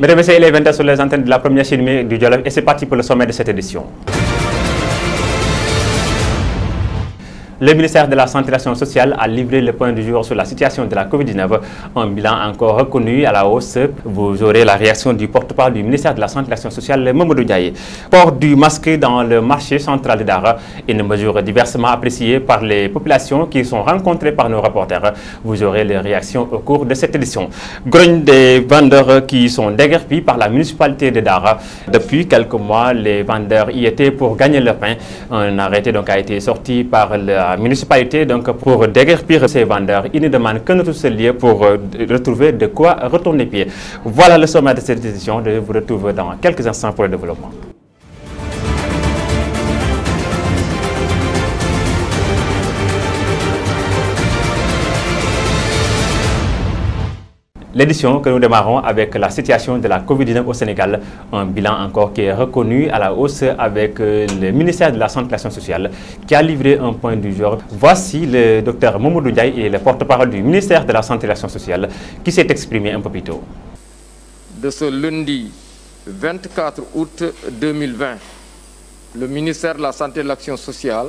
Mesdames et Messieurs, il est 20 sur les antennes de la première chaîne du dialogue et c'est parti pour le sommet de cette édition. Le ministère de la Santé et sociale a livré le point du jour sur la situation de la COVID-19, un bilan encore reconnu à la hausse. Vous aurez la réaction du porte-parole du ministère de la Santé et sociale, Mamoudou Ndiaye. Port du masque dans le marché central de Dara, une mesure diversement appréciée par les populations qui sont rencontrées par nos reporters. Vous aurez les réactions au cours de cette édition. Grogne des vendeurs qui sont déguerpis par la municipalité de Dara. Depuis quelques mois, les vendeurs y étaient pour gagner leur pain. Un arrêté donc a été sorti par la la municipalité donc, pour déguerpir ses vendeurs. il ne demande qu'un tout seul pour euh, retrouver de quoi retourner pied. Voilà le sommet de cette édition. Je vous retrouve dans quelques instants pour le développement. L'édition que nous démarrons avec la situation de la COVID-19 au Sénégal, un bilan encore qui est reconnu à la hausse avec euh, le ministère de la Santé et de l'Action sociale qui a livré un point du jour. Voici le docteur Momodou Ndiaye et le porte-parole du ministère de la Santé et de l'Action sociale qui s'est exprimé un peu plus tôt. De ce lundi 24 août 2020, le ministère de la Santé et de l'Action sociale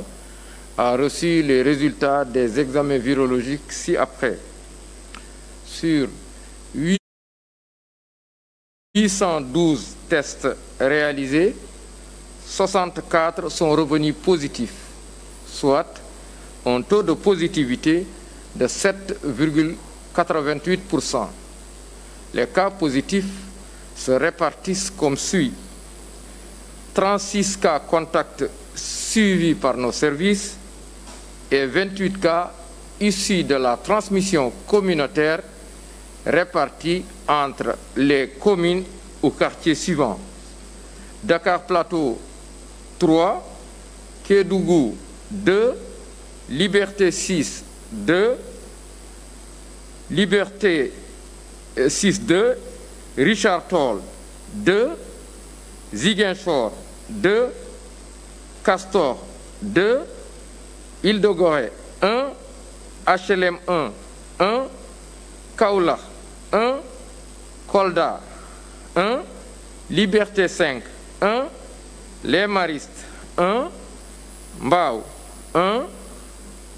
a reçu les résultats des examens virologiques ci-après sur 812 tests réalisés, 64 sont revenus positifs, soit un taux de positivité de 7,88%. Les cas positifs se répartissent comme suit. 36 cas contacts suivis par nos services et 28 cas issus de la transmission communautaire répartis entre les communes ou quartiers suivants. Dakar Plateau 3, Kedougou 2, Liberté 6 2, Liberté 6 euh, 2, Richard Toll 2, Ziguinchor 2, Castor 2, Île de 1, HLM 1 1, Kaola 1 Kolda, 1 Liberté 5, 1 Les Maristes, 1 Mbao, 1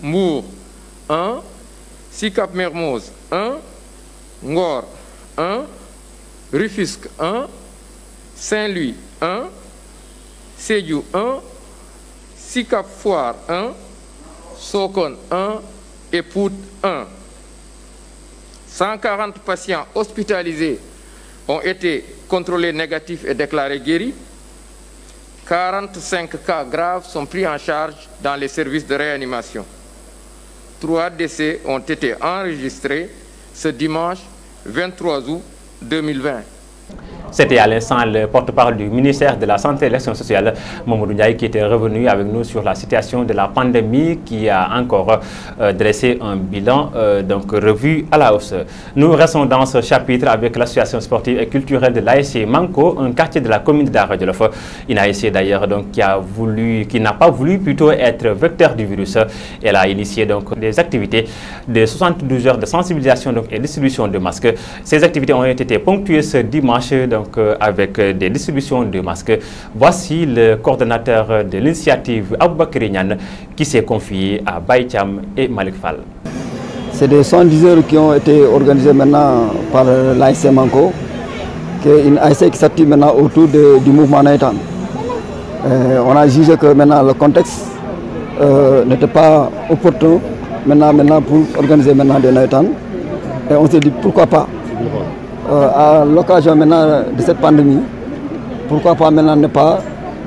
Mour, 1 Sikap Mermoz, 1 Ngor, 1 Rufusque, 1 Saint-Louis, 1 Sédiou, 1 Sikap Foire, 1 Sokon 1 et 1 140 patients hospitalisés ont été contrôlés négatifs et déclarés guéris. 45 cas graves sont pris en charge dans les services de réanimation. Trois décès ont été enregistrés ce dimanche 23 août 2020 c'était à l'instant le porte-parole du ministère de la Santé et de l'Action sociale, Mamoudou Ndiaye, qui était revenu avec nous sur la situation de la pandémie qui a encore euh, dressé un bilan euh, donc revu à la hausse. Nous restons dans ce chapitre avec l'association sportive et culturelle de l'ASC Manco, un quartier de la commune Il Une essayé d'ailleurs qui a voulu, qui n'a pas voulu plutôt être vecteur du virus. Elle a initié donc des activités de 72 heures de sensibilisation donc, et distribution de masques. Ces activités ont été ponctuées ce dimanche donc, euh, avec euh, des distributions de masques. Voici le coordonnateur de l'initiative Aboubakri Nyan qui s'est confié à Baïtiam et Malik Fall. C'est des 110 heures qui ont été organisées maintenant par l'AIC Manco, qui est une AIC qui s'active maintenant autour du mouvement Naïtan. Euh, on a jugé que maintenant le contexte n'était pas opportun maintenant, maintenant pour organiser maintenant des Naïtan. Et on s'est dit pourquoi pas euh, à l'occasion maintenant de cette pandémie, pourquoi pas maintenant ne pas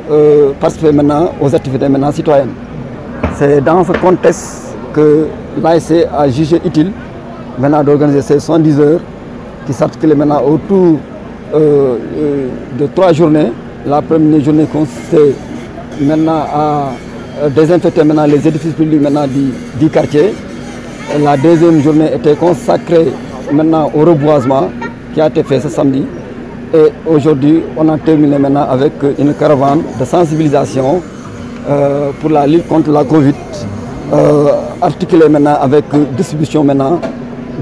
euh, participer maintenant aux activités maintenant citoyennes. C'est dans ce contexte que l'ASC a jugé utile maintenant d'organiser ces 110 heures qui s'articulent maintenant autour euh, de trois journées. La première journée consistait maintenant à désinfecter maintenant les édifices publics maintenant du, quartier. la deuxième journée était consacrée maintenant au reboisement qui a été fait ce samedi. Et aujourd'hui, on a terminé maintenant avec une caravane de sensibilisation euh, pour la lutte contre la Covid, euh, articulée maintenant avec distribution maintenant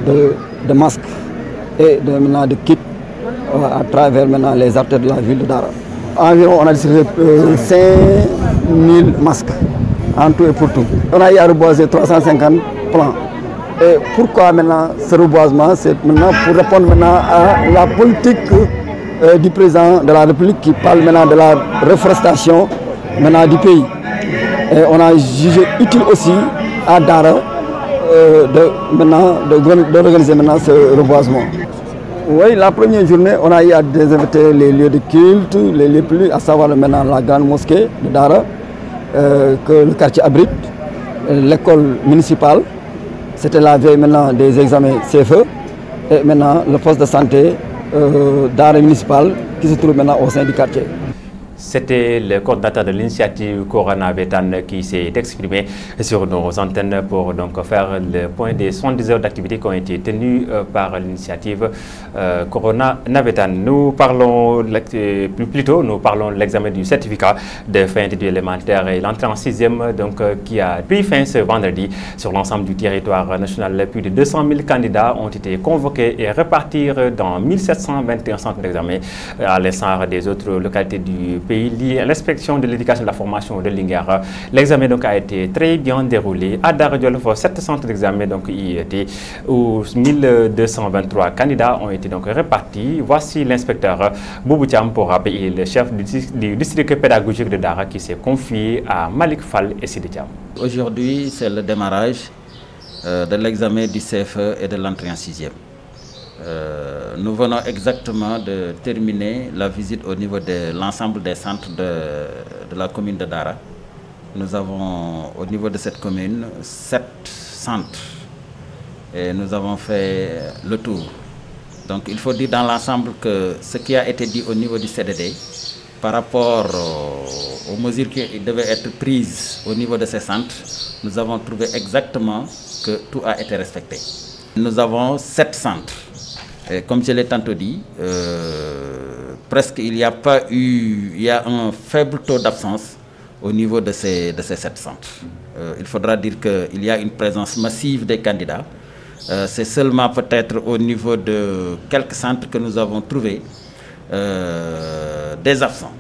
de, masques et de, maintenant de kits euh, à travers maintenant les artères de la ville de Dara. Environ, on a distribué 5000 masques en tout et pour tout. On a y 350 plans. Et pourquoi maintenant ce reboisement C'est maintenant pour répondre maintenant à la politique euh, du président de la République qui parle maintenant de la reforestation du pays. Et on a jugé utile aussi à Dara euh, de, maintenant, maintenant ce reboisement. Oui, la première journée, on a eu à désinviter les lieux de culte, les lieux plus, à savoir maintenant la grande mosquée de Dara, euh, que le quartier abrite, l'école municipale, c'était la veille maintenant des examens CFE et maintenant le poste de santé euh, d'arrêt municipal qui se trouve maintenant au sein du quartier. C'était le coordinateur de l'initiative Corona Vétan qui s'est exprimé sur nos antennes pour donc faire le point des 70 heures d'activité qui ont été tenues euh, par l'initiative euh, Corona Navetan. Nous parlons euh, plus tôt, nous parlons de l'examen du certificat de fin d'études élémentaires et l'entrée en sixième donc, qui a pris fin ce vendredi sur l'ensemble du territoire national. Plus de 200 000 candidats ont été convoqués et repartir dans 1721 centres d'examen à l'instar des autres localités du pays l'inspection de l'éducation et de la formation de Lingara. L'examen a été très bien déroulé. À Darajolof, 7 centres d'examen donc où 1223 candidats ont été donc répartis. Voici l'inspecteur Boubou pour rappeler le chef du district pédagogique de Dara qui s'est confié à Malik Fall et Sidi Aujourd'hui, c'est le démarrage euh, de l'examen du CFE et de l'entrée en sixième. Euh, nous venons exactement de terminer la visite au niveau de l'ensemble des centres de, la commune de Dara. Nous avons au niveau de cette commune sept centres et nous avons fait le tour. Donc il faut dire dans l'ensemble que ce qui a été dit au niveau du CDD par rapport aux mesures qui devaient être prises au niveau de ces centres, nous avons trouvé exactement que tout a été respecté. Nous avons sept centres comme je l'ai tantôt dit, euh, presque il n'y a pas eu, il y a un faible taux d'absence au niveau de ces, sept centres. Euh, il faudra dire qu'il y a une présence massive des candidats. Euh, c'est seulement peut-être au niveau de quelques centres que nous avons trouvé des absents.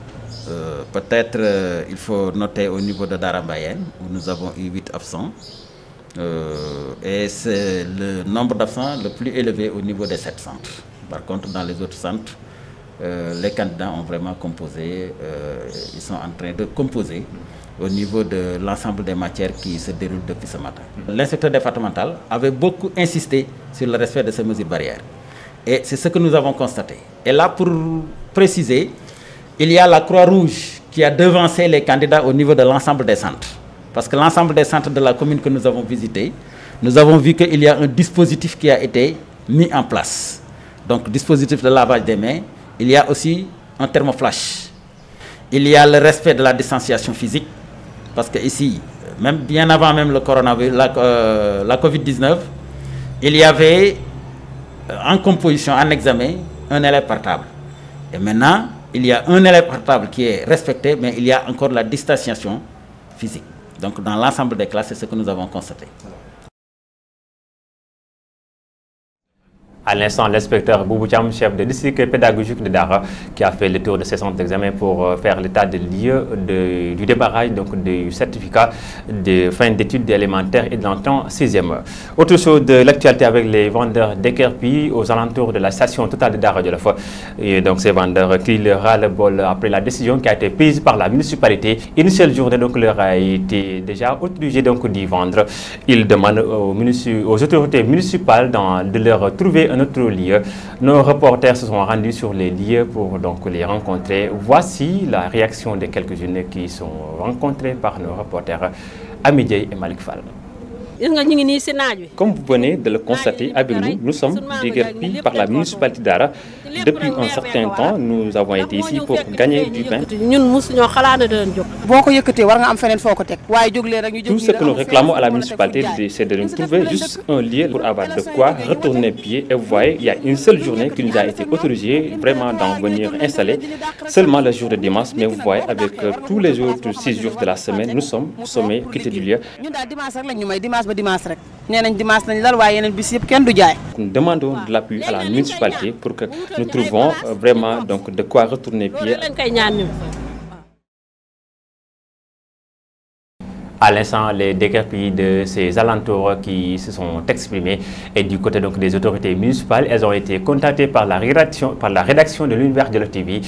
peut-être il faut noter au niveau de Darambayen, où nous avons eu huit absents. Euh, et c'est le nombre d'absents le plus élevé au niveau des sept centres. Par contre, dans les autres centres, euh, les candidats ont vraiment composé, euh, ils sont en train de composer au niveau de l'ensemble des matières qui se déroulent depuis ce matin. L'inspecteur départemental avait beaucoup insisté sur le respect de ces mesures barrières. Et c'est ce que nous avons constaté. Et là, pour préciser, il y a la Croix-Rouge qui a devancé les candidats au niveau de l'ensemble des centres. Parce que l'ensemble des centres de la commune que nous avons visités, nous avons vu qu'il y a un dispositif qui a été mis en place. Donc, dispositif de lavage des mains. Il y a aussi un thermoflash. Il y a le respect de la distanciation physique. Parce que ici, même bien avant même le coronavirus, la, euh, la COVID-19, il y avait euh, en composition, en examen, un élève portable. Et maintenant, il y a un élève portable qui est respecté, mais il y a encore la distanciation physique. Donc dans l'ensemble des classes, c'est ce que nous avons constaté. À l'instant, l'inspecteur Bouboucham, chef de district pédagogique de Dara, qui a fait le tour de ses centres pour euh, faire l'état des lieux du débarrage donc du certificat de fin d'études élémentaires et de l'entente 6e. Autre chose de l'actualité avec les vendeurs d'Ekerpie aux alentours de la station totale de Dara de la fois. Et donc ces vendeurs qui leur le bol après la décision qui a été prise par la municipalité. Une seule journée donc leur a été déjà obligé donc d'y vendre. Ils demandent aux, autorités municipales de leur trouver un notre lieu. Nos reporters se sont rendus sur les lieux pour donc les rencontrer. Voici la réaction de quelques-unes qui sont rencontrées par nos reporters Amidjei et Malik Fall. Comme vous venez de le constater à nous, nous sommes déguerpis par la municipalité d'Ara depuis un certain temps, nous avons été ici pour gagner du pain. Tout ce que nous réclamons à la municipalité, c'est de nous trouver juste un lieu pour avoir de quoi retourner pied. Et vous voyez, il y a une seule journée qui nous a été autorisée vraiment d'en venir installer, seulement le jour de dimanche. Mais vous voyez, avec euh, tous les autres six jours de la semaine, nous sommes sommés quittés du lieu. Nous demandons de l'appui à la municipalité pour que nous nous trouvons euh, vraiment donc de quoi retourner pied. à l'instant les décrépits de ces alentours qui se sont exprimés. Et du côté donc des autorités municipales, elles ont été contactées par la rédaction, par la rédaction de l'univers de la TV.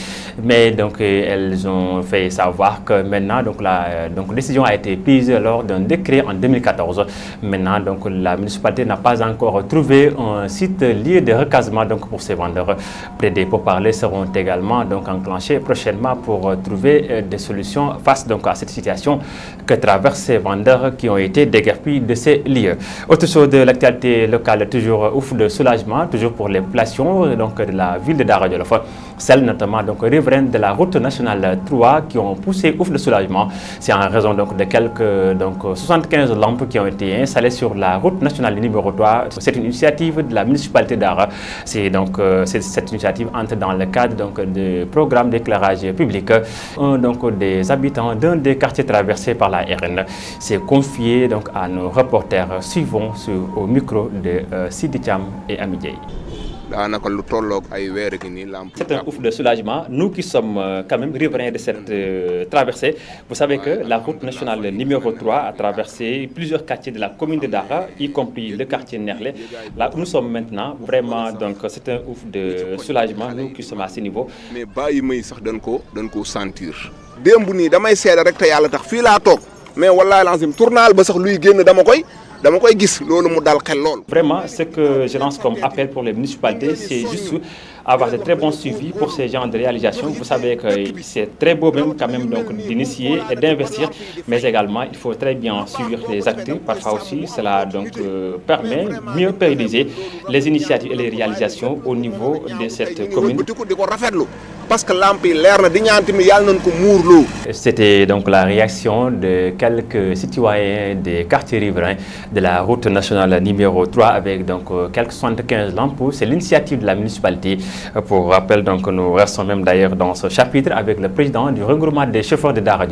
Mais donc euh, elles ont fait savoir que maintenant donc la euh, donc décision a été prise lors d'un décret en 2014. Maintenant donc la municipalité n'a pas encore trouvé un site lieu de recasement donc pour ces vendeurs. Les pour parler seront également donc enclenchés prochainement pour trouver euh, des solutions face donc à cette situation que traverse vendeurs qui ont été déguerpis de ces lieux. Autre chose de l'actualité locale, toujours ouf de soulagement, toujours pour les plations donc, de la ville de Daradjolof, celle notamment donc, riveraines de la route nationale 3 qui ont poussé ouf de soulagement. C'est en raison donc, de quelques donc, 75 lampes qui ont été installées sur la route nationale numéro 3. C'est une initiative de la municipalité d'Ara. Euh, cette initiative entre dans le cadre donc, du programme d'éclairage public. Un donc, des habitants d'un des quartiers traversés par la RN c'est confié donc à nos reporters suivants au micro de euh, Sidi Thiam et Amidjei. C'est un ouf de soulagement. Nous qui sommes euh, quand même riverains de cette euh, traversée, vous savez que la route nationale numéro 3 a traversé plusieurs quartiers de la commune de Dara, y compris le quartier Nerlé. Là où nous sommes maintenant, vraiment, donc c'est un ouf de soulagement, nous qui sommes à ce niveau. Mais sentir mais voilà, l'enzyme tournal ba sax luy génn dama koy dama koy il mu dal xel vraiment ce que je lance comme appel pour les municipalités c'est juste avoir de très bons suivis pour ces genres de réalisations. Vous savez que c'est très beau même quand même donc d'initier et d'investir, mais également il faut très bien suivre les actes. Parfois aussi, cela donc euh, permet mieux pérenniser les initiatives et les réalisations au niveau de cette commune. C'était donc la réaction de quelques citoyens des quartiers riverains de la route nationale numéro 3 avec donc euh, quelques 75 lampes. C'est l'initiative de la municipalité pour rappel, donc, nous restons même d'ailleurs dans ce chapitre avec le président du regroupement des chauffeurs de Dara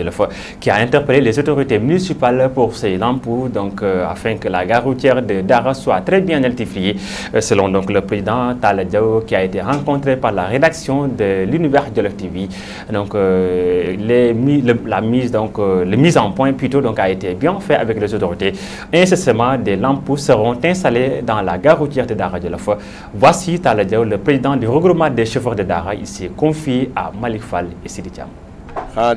qui a interpellé les autorités municipales pour ces lampes donc, euh, afin que la gare routière de Dara soit très bien éclairée. Euh, selon donc, le président Tal qui a été rencontré par la rédaction de l'Univers de TV. Donc, euh, les, la mise, donc, le mise en point plutôt donc, a été bien faite avec les autorités. Incessamment, des lampes seront installées dans la gare routière de Dara Voici Tal le président du le regroupement des chauffeurs de Dara s'est confié à Malik Fall et Sidi ah,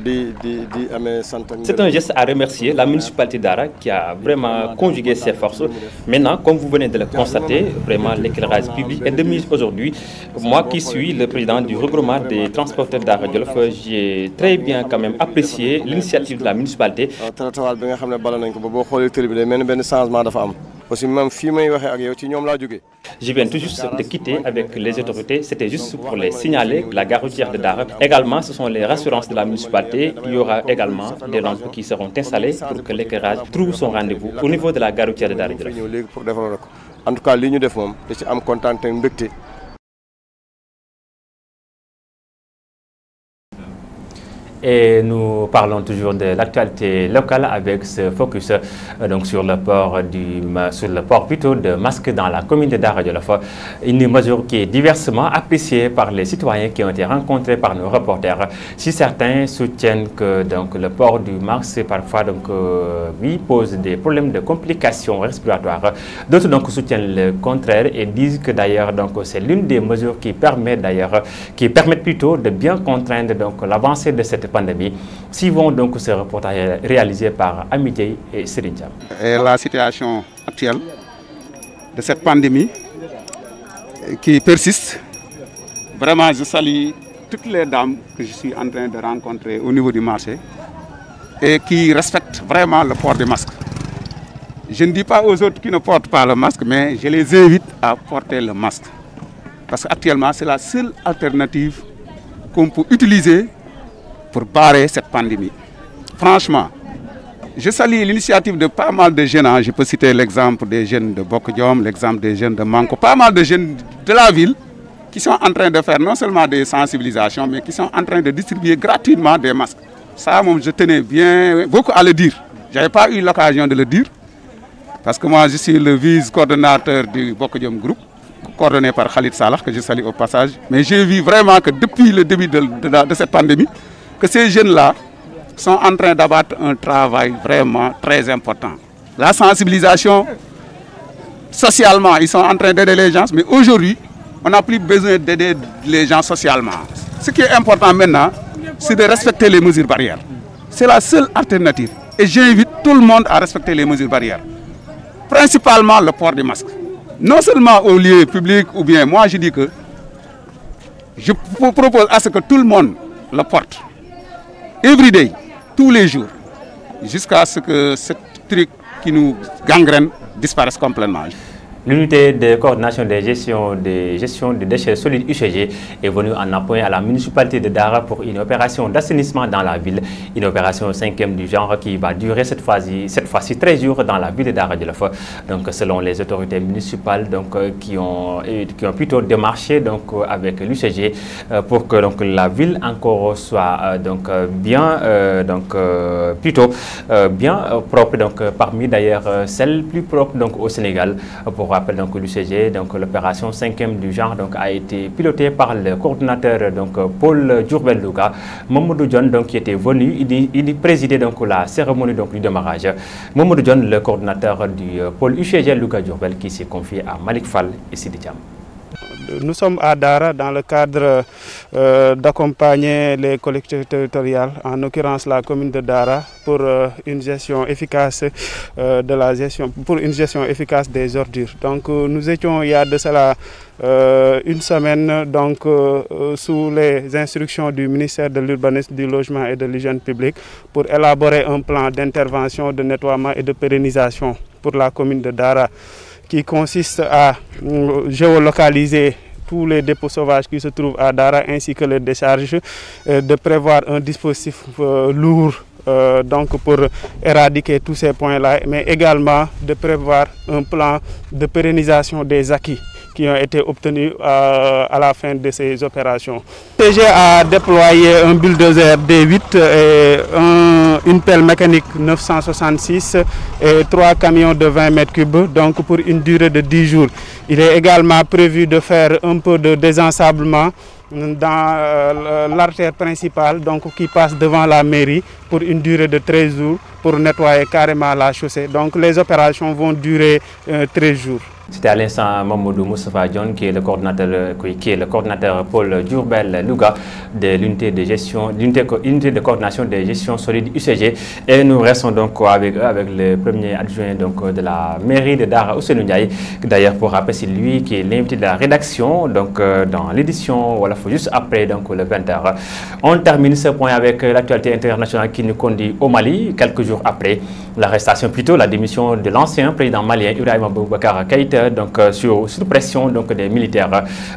c'est un geste à remercier la municipalité d'Ara qui a vraiment conjugué ses forces. Maintenant, comme vous venez de le constater, vraiment l'éclairage public est de mise aujourd'hui. Moi qui suis le président du regroupement des transporteurs d'Ara j'ai très bien quand même apprécié l'initiative de la municipalité. Euh, je viens tout juste de quitter avec les autorités, c'était juste pour les signaler que la gare de Dara. Également, ce sont les rassurances de la municipalité. Il y aura également des lampes qui seront installées pour que l'éclairage trouve son rendez-vous au niveau de la gare de Dara. En tout cas, je suis content de Et nous parlons toujours de l'actualité locale avec ce focus euh, donc sur le port du sur le port plutôt de masques dans la commune de Une mesure qui est diversement appréciée par les citoyens qui ont été rencontrés par nos reporters. Si certains soutiennent que donc le port du masque parfois donc euh, pose des problèmes de complications respiratoires, d'autres donc soutiennent le contraire et disent que d'ailleurs donc c'est l'une des mesures qui permet d'ailleurs qui permettent plutôt de bien contraindre donc l'avancée de cette pandémie. Suivons donc ce reportage réalisé par Amitié et Serinjam. la situation actuelle de cette pandémie euh, qui persiste, vraiment je salue toutes les dames que je suis en train de rencontrer au niveau du marché et qui respectent vraiment le port des masques. Je ne dis pas aux autres qui ne portent pas le masque, mais je les invite à porter le masque. Parce qu'actuellement, c'est la seule alternative qu'on peut utiliser pour barrer cette pandémie. Franchement, je salue l'initiative de pas mal de jeunes. Hein. Je peux citer l'exemple des jeunes de Bokodium, l'exemple des jeunes de Manco, pas mal de jeunes de la ville qui sont en train de faire non seulement des sensibilisations, mais qui sont en train de distribuer gratuitement des masques. Ça, moi, je tenais bien beaucoup à le dire. Je n'avais pas eu l'occasion de le dire, parce que moi, je suis le vice-coordonnateur du Bokodiom Group, coordonné par Khalid Salah, que je salue au passage. Mais j'ai vu vraiment que depuis le début de cette pandémie, que ces jeunes-là sont en train d'abattre un travail vraiment très important. La sensibilisation, socialement, ils sont en train d'aider les gens, mais aujourd'hui, on n'a plus besoin d'aider les gens socialement. Ce qui est important maintenant, c'est de respecter les mesures barrières. C'est la seule alternative. Et j'invite tout le monde à respecter les mesures barrières. Principalement le port du masque. Non seulement au lieu public ou bien moi je dis que je vous propose à ce que tout le monde le porte every day, tous les jours, jusqu'à ce que ce truc qui nous gangrène disparaisse complètement. L'unité de coordination des gestions des gestion de déchets solides UCG est venue en appui à la municipalité de Dara pour une opération d'assainissement dans la ville. Une opération cinquième du genre qui va durer cette fois-ci cette 13 jours dans la ville de Dara de la Donc selon les autorités municipales donc, euh, qui, ont, qui plutôt démarché donc, euh, avec l'UCG euh, pour que donc, la ville encore soit donc, bien donc, plutôt bien propre donc, parmi d'ailleurs celles plus propres donc, au Sénégal pour rappelle donc l'opération 5e du genre donc, a été pilotée par le coordinateur donc, Paul Djurbel Louga. Mamoudou John qui était venu, il, il présidait donc, la cérémonie donc, du démarrage. Mamoudou John, le coordinateur du Paul UCG Louga Djurbel qui s'est confié à Malik Fall et Sidi Djam. Nous sommes à Dara dans le cadre euh, d'accompagner les collectivités territoriales, en l'occurrence la commune de Dara, pour euh, une gestion efficace euh, de la gestion, pour une gestion efficace des ordures. Donc nous étions il y a de cela une semaine donc sous les instructions du ministère de l'urbanisme, du logement et de l'hygiène publique pour élaborer un plan d'intervention, de nettoiement et de pérennisation pour la commune de Dara qui consiste à euh, géolocaliser tous les dépôts sauvages qui se trouvent à Dara ainsi que les décharges, euh, de prévoir un dispositif euh, lourd donc pour éradiquer tous ces points-là, mais également de prévoir un plan de pérennisation des acquis qui ont été obtenus euh, à, la fin de ces opérations. TG a déployé un bulldozer D8 et une pelle mécanique 966 et trois camions de 20 mètres cubes, donc pour une durée de 10 jours. Il est également prévu de faire un peu de désensablement dans euh, l'artère principale donc, qui passe devant la mairie pour une durée de 13 jours pour nettoyer carrément la chaussée. Donc les opérations vont durer 13 euh, jours. C'était à l'instant Mamoudou Moussafa John qui est le coordinateur, euh, qui le coordinateur Paul Djurbel Louga de l'unité de gestion, l'unité de coordination des gestions solides UCG. Et nous restons donc avec eux, avec le premier adjoint donc, euh, de la mairie de Dara Ousseinou D'ailleurs, pour rappeler, c'est lui qui est l'invité de la rédaction donc, euh, dans l'édition, voilà, juste après donc, le 20h. On termine ce point avec l'actualité internationale qui nous conduit au Mali, quelques jours après l'arrestation, plutôt la démission de l'ancien président malien Ibrahim Boubacar Keïta donc, euh, sur, sous pression donc, des militaires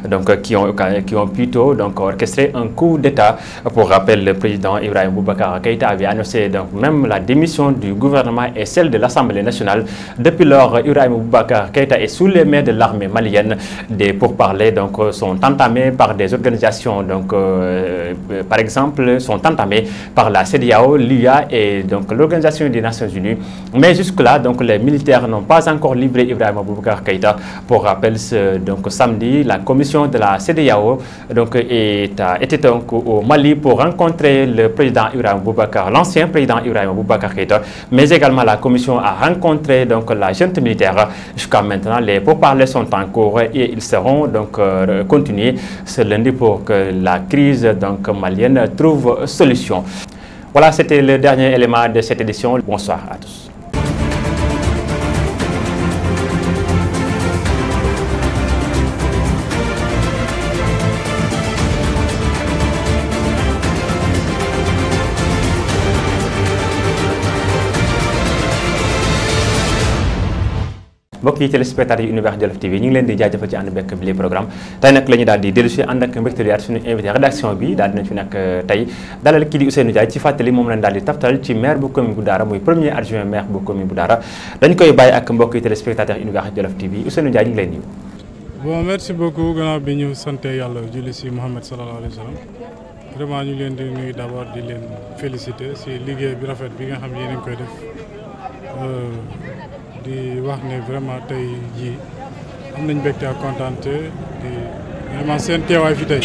donc, euh, qui, ont, euh, qui ont plutôt donc, orchestré un coup d'État. Pour rappel, le président Ibrahim Boubacar Keïta avait annoncé donc, même la démission du gouvernement et celle de l'Assemblée nationale. Depuis lors, Ibrahim Boubacar Keïta est sous les mains de l'armée malienne. Des pourparlers donc, sont entamés par des organisations, donc, par exemple, sont entamés par la CDAO, l'UA et donc l'Organisation des Nations Unies. Mais jusque-là, donc les militaires n'ont pas encore livré Ibrahim Boubacar pour rappel, donc samedi, la commission de la CDAO donc, est, était donc au Mali pour rencontrer le président Ibrahim Boubacar, l'ancien président Ibrahim Boubacar mais également la commission a rencontré donc la junte militaire. Jusqu'à maintenant, les pourparlers sont en cours et ils seront donc euh, continués ce lundi pour que la crise donc malienne trouve solution. Voilà, c'était le dernier élément de cette édition. Bonsoir à tous. mbokk yi téléspectateurs yu Univers Jolof TV ñu ngi leen di jaajëfal ci ànd bekk bi programme tey nag la ñu daal di ànd ak mbégte euh, moom lañ daal di taftal ci maire bu koy bàyyi ak mbokk yi téléspectateurs Univers Jolof TV Ousseynou Ndiaye ñu ngi leen nuyu bon merci beaucoup gannaaw bi ñu sant yàlla julli si Mouhamed sallallahu alayhi wa sallam ñu leen di nuyu d' abord di leen féliciter si liggéey bi rafet bi nga xam ne yéen koy def euh, di wax ne vraiment tey jii am nañ mbégte ak kontaan te di seen teewaay fi tey.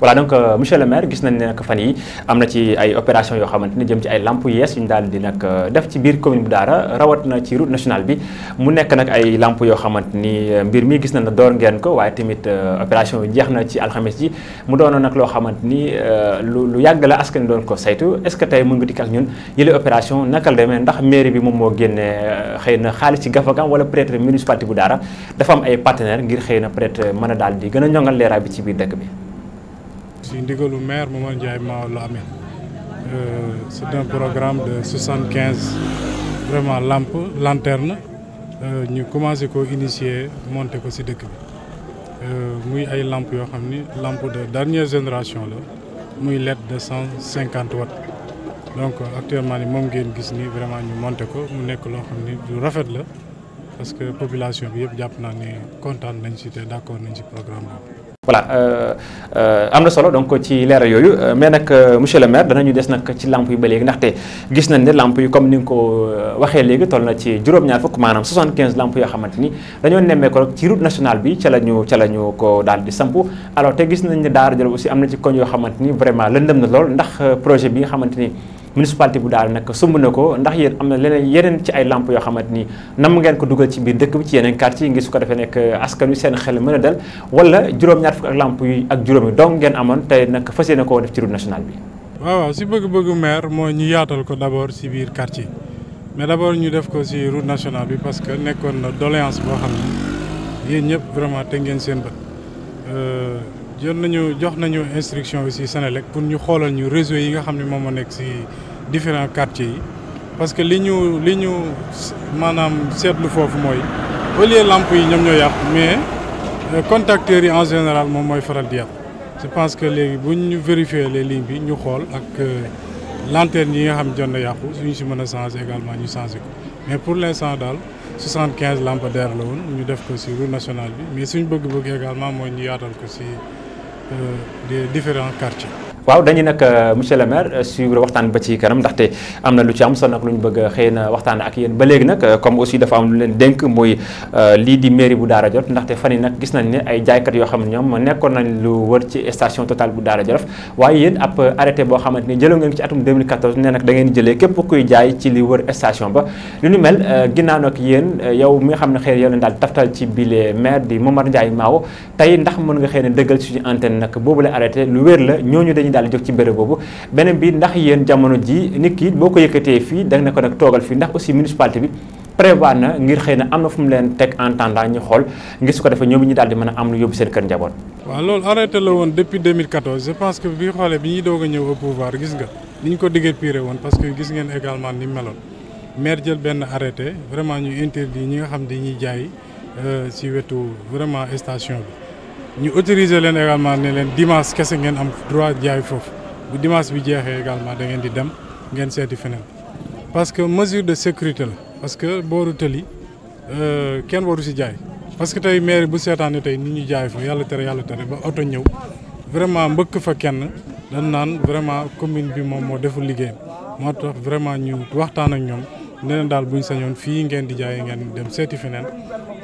voilà donc euh, monsieur le maire gis nañ ne nag fan yi am na ci ay opération yoo xamante ne jëm ci ay lamp yees yu ñu daal di nag euh, def ci biir commune bu Daara rawat na ci route nationale bi mu nekk nag ay lamp yoo xamante ni euh, mbir mi gis nañ na door ngeen ko waaye tamit opération yi jeex na ci alxames yi mu doonoon nag loo xamante ni lu lu yàgg la askan doon ko saytu est-ce que tey mën nga dikk ak ñun yële opération naka la demee ndax mairie bi moom moo génne xëy na xaalis ci gafagam wala peut-être municipalité bu Daara ay partenaires ngir xëy na peut-être mën a daal di a ñongal leeraay bi ci biir dëkk bi Euh, c'est un programme de 75 vraiment lanternes. lanterne avons euh, commencé à initier monter ko de dëkk Nous euh, muy ay lampe de dernière génération Nous muy LED de 150 watts donc actuellement nous avons ngeen gis ni vraiment Nous monter ko mu nekk loo de ni parce la population est contente d'être d'accord avec ce programme voilà euh, euh, am na solo donc ci leeral yooyu euh, mais nag monsieur le maire ñu des nag ci lamp yu ba léegi ndaxte gis nañ ne lamp yi comme ni nga ko waxee léegi toll na ci juróom-ñaar fukk maanaam 75 lamp yoo xamante ni dañoo nemmeeku rek ci route nationale bi ca la ñu ca la ñu ko daal di samp alors te gis nañ ne Daara Djolof aussi am na ci koñ yoo xamante ni vraiment lëndëm na lool ndax projet bi nga xamante ni municipalité bu daal nag sumb na ko ndax yen am na leneen yeneen ci ay lamp yoo xamante ni nam ngeen ko dugal ci biir dëkk bi ci yeneen quartier yi ngir su ko defee nekk askan wi seen xel mën a dal wala juróom-ñaar fukk ak lamp yi ak juróom yi donc ngeen amoon tey nag fas yéene koo def ci route nationale bi waaw si bëgg-bëggu maire moo ñu yaatal ko d' abord si biir quartier mais d' ñu def ko si route nationale bi parce que nekkoon na doléance boo xam ne yéen ñëpp vraiment te ngeen seen bët euh, Nous avons des instructions instruction au Sénélec pour nous, résoudre différents quartiers parce que ce que nous avons fait, c'est que mais euh, contacteurs en général je pense que si nous les lignes nous ñu que euh, lanterne également mais pour l'instant 75 lampes d'air, nous ñu def ko nationale mais si nous bëgg également mooy ñu euh, des différents quartiers. waaw dañu nag euh, monsieur le maire euh, suivre waxtaan ba ci kanam ndaxte am na lu ci am solo nag lu ñu bëgg a na waxtaan ak yéen ba léegi nag euh, comme aussi dafa am lu leen dénk mooy lii di mairie bu Daara Jolof ndaxte fan yi nag gis nañ ne ay jaaykat yoo xam ne ñoom nekkoon nañ lu wër ci station Total bu Daara Jolof waaye yéen ab arrêté boo xamante ni jëloo ngeen ci atum 2014 nag da ngeen képp kuy jaay ci li wër station ba lu ñu mel ginnaaw na yow leen daal taftal ci bile maire di Momar Ndiaye Mawo tey ndax mën nga xëy na dëggal suñu antenne nag boobu la arrêté lu wér la daal di ci béréb boobu beneen bi ndax yéen jamono ji nit boo ko yëkkatee fii da ne ko nag toogal fii ndax aussi municipalité bi prévoir na ngir xëy na am na fu mu leen teg en attendant ñu xool ngir su ko defee ñoom ñu daal di ñëw au gis nga ni ñu ko diggee piré woon parce que gis ngeen également ni meloon maire jël benn arrêté vraiment ñu interdit ñi nga xam dañuy jaay euh, ci wetu vraiment station bi. ñu autoriser leen également ne leen dimanche kese ngeen am droit jaay foofu bu dimanche bi jeexee également da ngeen di dem ngeen seeti feneen parce que mesure de sécurité la parce que booru tëli euh, kenn waru si jaay parce que tey maire bu seetaane tey nit ñu jaay fa yàlla tere yàlla tere ba oto ñëw vraiment mbëkk fa kenn dañ naan vraiment commune bi moom moo deful liggéeyam moo tax vraiment ñu waxtaan ak ñoom ne leen daal buñ sañoon fii ngeen di jaay ngeen dem seeti feneen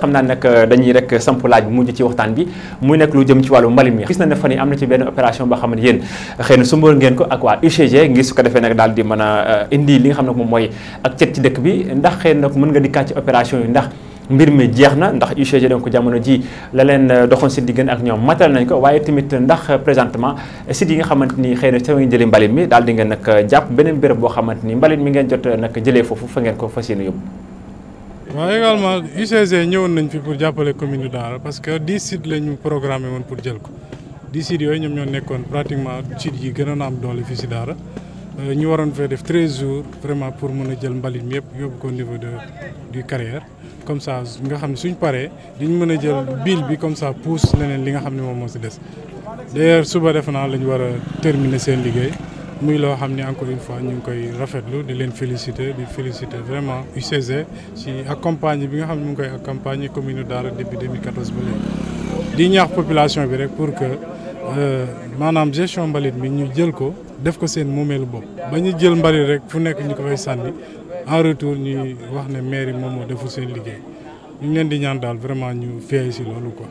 xam naa nag euh, dañuy rek samp laaj bu mujj ci waxtaan bi mu nekk lu jëm ci wàllu mbalit mi gis na ne fan yi am na ci benn opération boo xam ne yéen xëy na sumbal ko ak waa UCG ngir su ko defee nag daal di mën a euh, indi li nga xam ne moom mooy ak cet ci dëkk bi ndax na mën nga dikkaat ci opération yi ndax mbir mi jeex na ndax UCG donc jamono ji la leen euh, doxoon si diggante ak ñoom matal nañ ko waaye tamit ndax présentement sites yi nga xamante ni xëy na sa ngeen jëlee mbalit mi daal di ngeen nag jàpp beneen béréb boo xamante ni mbalit mi ngeen jot nag jële foofu fa ngeen ko fas yéene yóbbu waaw également UCG ñëwoon nañ fi pour jàppale commune de Daara parce que di sites la ñu programmé woon pour jël ko dix sites yooyu ñoom ñoo nekkoon pratiquement sites yi gën a am doole fii si Daara euh, ñu waroon fee def treize jours vraiment pour mën a jël mbalit mi yóbbu ko au niveau de du carrière comme ça nga xam ne suñ paree ñu mën a jël bill bi comme ça pouse leneen li nga xam ne moom moo si des d'ailleurs suba def naa la ñu war a terminer seen liggéey. muy loo xam ne encore une fois ñu ngi koy rafetlu di leen féliciter di féliciter vraiment UCG ci accompagne bi nga xam ne mu ngi koy accompagner commune Daara depuis 2014 ba léegi. di ñaax population bi rek pour que euh, maanaam gestion mbalit mi ñu jël ko def ko seen moomeelu bopp ba ñu jël mbalit rek fu nekk ñu ko fay sànni en retour ñuy wax ne maire yi moom moo deful seen liggéey ñu ngi leen di ñaan daal vraiment ñu feey ci loolu quoi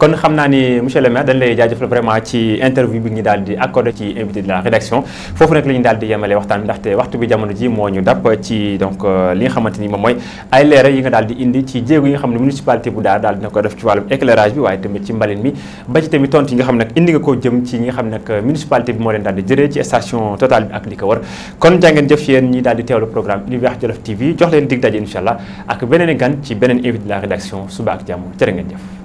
kon xamna ni monsieur le maire dañ lay jaajëfal vraiment ci interview bi ñu daldi di accordé ci invité de la rédaction fofu nag lañu daldi daal di waxtaan bi ndaxte waxtu bi jamono ji mo ñu dab ci donc euh, li nga xamante ni moom ay leeral yi nga daldi indi ci jéego yi nga xam municipalité bu Daara daal dina ko def ci walum éclairage bi waye tamit ci mbaline mi ba ci tamit tontu yi nga xam nag indi nga ko jëm ci nga xam nag euh, municipalité bi mo leen daldi di ci station Total bi ak li ko war kon jàngeen jëf yeen ñi daldi téwlu teewlu programme Univers Djolof TV jox leen dig daje inshallah ak beneen gan ci beneen invité de la rédaction suba ak jàmm jërë ngeen jëf